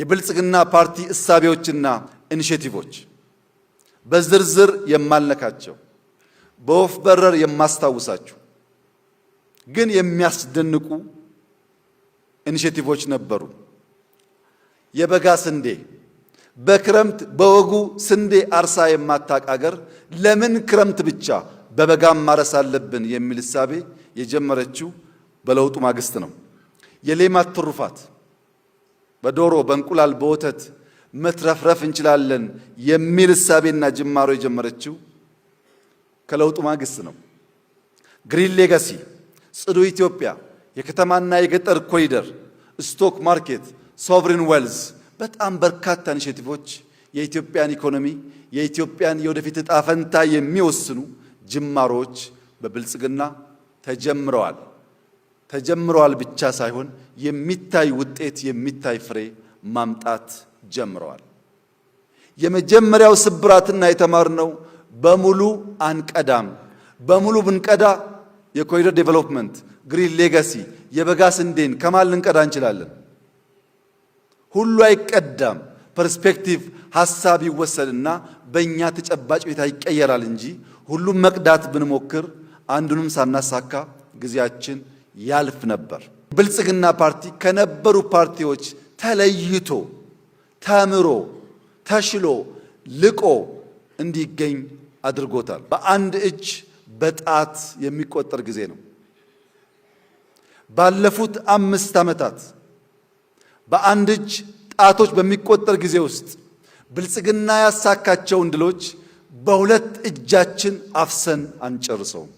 የብልጽግና ፓርቲ እሳቤዎችና ኢኒሼቲቮች በዝርዝር የማልነካቸው በወፍ በረር የማስታውሳችሁ ግን የሚያስደንቁ ኢኒሼቲቮች ነበሩ። የበጋ ስንዴ፣ በክረምት በወጉ ስንዴ አርሳ የማታቅ አገር ለምን ክረምት ብቻ በበጋም ማረስ አለብን የሚል እሳቤ የጀመረችው በለውጡ ማግስት ነው። የሌማት ትሩፋት በዶሮ በእንቁላል በወተት መትረፍረፍ እንችላለን የሚል እሳቤና ጅማሮ የጀመረችው ከለውጡ ማግስት ነው። ግሪን ሌጋሲ፣ ጽዱ ኢትዮጵያ፣ የከተማና የገጠር ኮሪደር፣ ስቶክ ማርኬት፣ ሶቨሪን ዌልዝ በጣም በርካታ ኢኒሼቲቮች የኢትዮጵያን ኢኮኖሚ የኢትዮጵያን የወደፊት እጣ ፈንታ የሚወስኑ ጅማሮች በብልጽግና ተጀምረዋል። ተጀምረዋል ብቻ ሳይሆን የሚታይ ውጤት የሚታይ ፍሬ ማምጣት ጀምረዋል። የመጀመሪያው ስብራትና የተማርነው በሙሉ አንቀዳም፣ በሙሉ ብንቀዳ የኮሪደር ዴቨሎፕመንት ግሪን ሌጋሲ የበጋ ስንዴን ከማን ልንቀዳ እንችላለን? ሁሉ አይቀዳም። ፐርስፔክቲቭ ሀሳብ ይወሰድና በእኛ ተጨባጭ ሁኔታ ይቀየራል እንጂ ሁሉም መቅዳት ብንሞክር አንዱንም ሳናሳካ ጊዜያችን ያልፍ ነበር። ብልጽግና ፓርቲ ከነበሩ ፓርቲዎች ተለይቶ ተምሮ ተሽሎ ልቆ እንዲገኝ አድርጎታል። በአንድ እጅ በጣት የሚቆጠር ጊዜ ነው። ባለፉት አምስት ዓመታት በአንድ እጅ ጣቶች በሚቆጠር ጊዜ ውስጥ ብልጽግና ያሳካቸውን ድሎች በሁለት እጃችን አፍሰን አንጨርሰውም።